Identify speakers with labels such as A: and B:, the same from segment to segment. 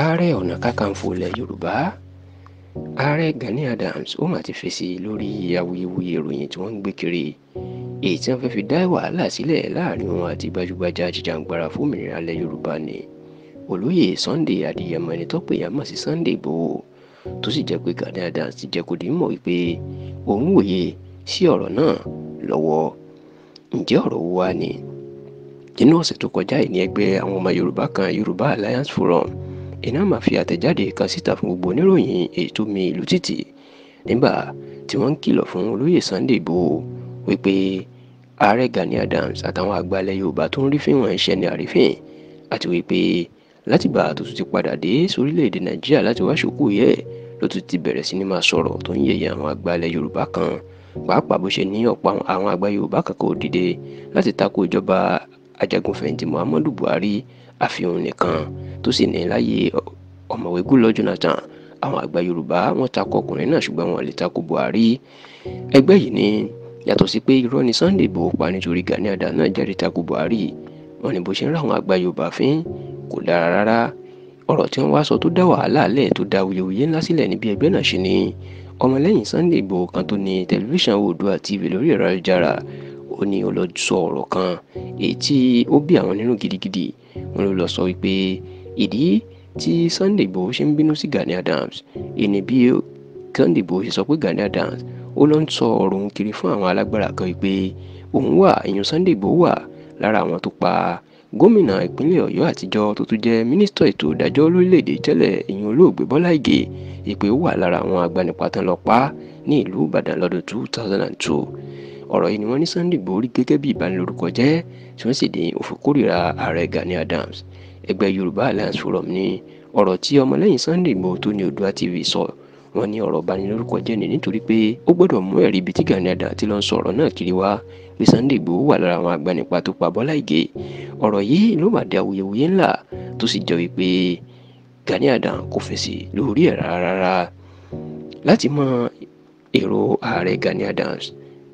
A: ààrẹ ọ̀nà kákàǹfò ilẹ̀ yorùbá ààrẹ gani adams ó mà ti fèsì lórí awuyewuye ìròyìn tí wọ́n ń gbé kiri èyí tí wọ́n fẹ́ fi dá wàhálà sílẹ̀ láàrin wọn àti gbajúgbajà jìjàǹgbara fómìnira ilẹ̀ yorùbá ni olóyè sunday adéyẹmọ ẹni tó pè yàn mọ̀ sí sunday ìgbòho tó sì jẹ́ pé gani adams ti jẹ́ kó di mọ̀ wípé òun wòye sí ọ̀rọ̀ náà lọ́wọ́ ǹjẹ́ ọ̀rọ̀ wo wá ni nínú ọ̀sẹ̀ tó kọjá yìí ẹgbẹ́ àwọn ọmọ yorùbá kan yorùbá alliance forum iná máa fi àtẹ̀jáde kan síta fún gbogbo oníròyìn ètò mi ìlú títì nígbà tí wọ́n ń kìlọ̀ fún olóyè Sunday Igboho wípé ààrẹ Gani Adams àtàwọn àgbàlẹ̀ Yorùbá tó ń rí fíwọ̀n iṣẹ́ ní àrífín àti wípé látìgbà tó tún ti padà dé sórílẹ̀-èdè Nàìjíríà láti wá ṣòkú yẹ ló tún ti bẹ̀rẹ̀ sí ni máa sọ̀rọ̀ tó ń yẹ̀yẹ́ àwọn àgbàlẹ̀ Yorùbá kan pàápàá bó ṣe ní ọ̀pọ̀ àwọn àgbà Yorùbá kan kò dìde láti tako ìjọba ajagunfẹ̀yìntì muhammadu buhari àfihàn nìkan tó sì ní láyé ọ̀mọ̀wé goodluck jonathan àwọn àgbà yorùbá wọ́n takò ọkùnrin náà ṣùgbọ́n wọn lè takò buhari ẹgbẹ́ yìí ni yàtọ̀ sí pé irọ́ ni sunday igbòho pa nítorí gani adams náà jáde takò buhari wọ́n ní bó ṣe ń ráwọn àgbà yorùbá fín kò dára rárá ọ̀rọ̀ tí wọ́n wá sọ tó dá wàhálà lẹ̀ tó dá wuyewuye ńlá sílẹ̀ níbi ẹgbẹ́ náà ṣe ni ọmọlẹ́yìn sunday igbòho kan tó ní tẹlifíṣàn oòdùà tv lórí ẹ̀rọ ayélujára ó ní ó lọ sọ ọ̀rọ̀ kan èyí tí ó bí àwọn nínú gidigidi wọn ló lọ sọ wípé ìdí tí Sunday Igboho ṣe ń bínú sí Gani Adams ìní bí Sunday Igboho ṣe sọ pé Gani Adams ó lọ ń sọ ọ̀rọ̀ òun kiri fún àwọn alágbára kan wípé òun wà èèyàn Sunday Igboho wà lára àwọn tó pa gómìnà ìpínlẹ̀ Ọ̀yọ́ àtijọ́ tó tún jẹ́ mínísítọ̀ ètò ìdájọ́ lórílẹ̀‐èdè tẹ́lẹ̀ ìyẹn olóògbé Bọ́lá Ìgè ìpè ó wà lára àwọn agbanipa tán lọ pa ní ìlú Ìbàdàn lọ́dún two thousand and two ọ̀rọ̀ yìí ni wọ́n ní Sunday Igboho rí gẹ́gẹ́ bí ìbanilórúkọ jẹ́ tí wọ́n sì ní òfòkórìíra ààrẹ Gani Adams ẹgbẹ́ Yorùbá Alliance Forum ní ọ̀rọ̀ tí ọmọlẹ́yìn Sunday Igboho tó ní Oòduà TV sọ wọ́n ní ọ̀rọ̀ ìbanilórúkọ jẹ́ ni nítorí pé ó gbọ́dọ̀ mú ẹ̀rí ibi tí Gani Adams ti lọ sọ ọ̀rọ̀ náà kiri wá pé Sunday Igboho wà lára àwọn agbanipa tó pa Bọ́lá Ìgè ọ̀rọ̀ yìí ló mà dé awuyewuye ńlá tó sì jọ wípé Gani Adams kò fèsì lórí ẹ̀ rárá láti mọ èrò ààrẹ Gani Adams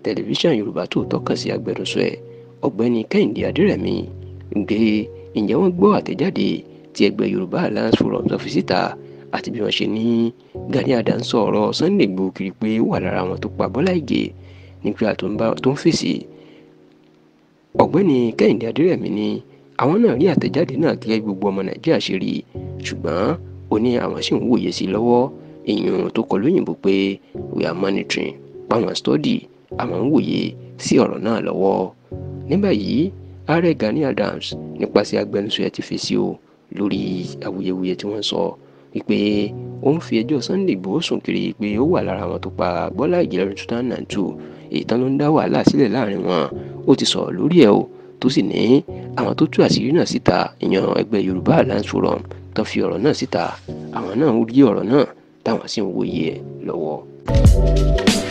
A: tẹlifíṣàn yorùbá tòótọ́ kàn sí agbẹnusọ ẹ̀ ọ̀gbẹ́ni kẹ́hìndé adérẹ̀mí gbé ǹjẹ́ wọ́n gbọ́ àtẹ̀jáde tí ẹgbẹ́ yorùbá alliance forum sọ fi síta àti bí wọ́n ṣe ní Gani Adams sọ̀rọ̀ Sunday Igboho kiri pé ó wà lára àwọn tó pa Bọ́lá Ìgè nígbà tó ń fèsì ọ̀gbẹ́ni kẹ́hìndé adérẹ̀mí ni àwọn náà rí àtẹ̀jáde náà gẹ́gẹ́ gbogbo ọmọ nàìjíríà ṣe rí ṣùgbọ́n ó ní àwọn sì ń wòye sí lọ́wọ́ èèyàn tó kọ lóyìnbó pé we are monitoring báwọn study àmọ́ ń wòye sí ọ̀rọ̀ náà lọ́wọ́ ní báyìí ààrẹ Gani Adams nípasẹ̀ agbẹnusọ ẹ̀ ti fèsì o lórí awuyewuye tí wọ́n sọ wípé ó ń fi ẹjọ́ Sunday Igboho sùn kiri pé ó wà lára àwọn tó pa Bọ́lá Ìgè lọ́dún two thousand and two ìtàn ló ń dá wàhálà sílẹ̀ láàrin wọn ó ti sọ̀rọ̀ lórí ẹ̀ o tó sì ní àwọn tó tú àṣírí náà síta ìyan ẹgbẹ́ Yorùbá Alliance Forum tó fi ọ̀rọ̀ náà síta àwọn náà ń rí ọ̀rọ̀ náà táwọn sì ń wòye ẹ̀ lọ́wọ́.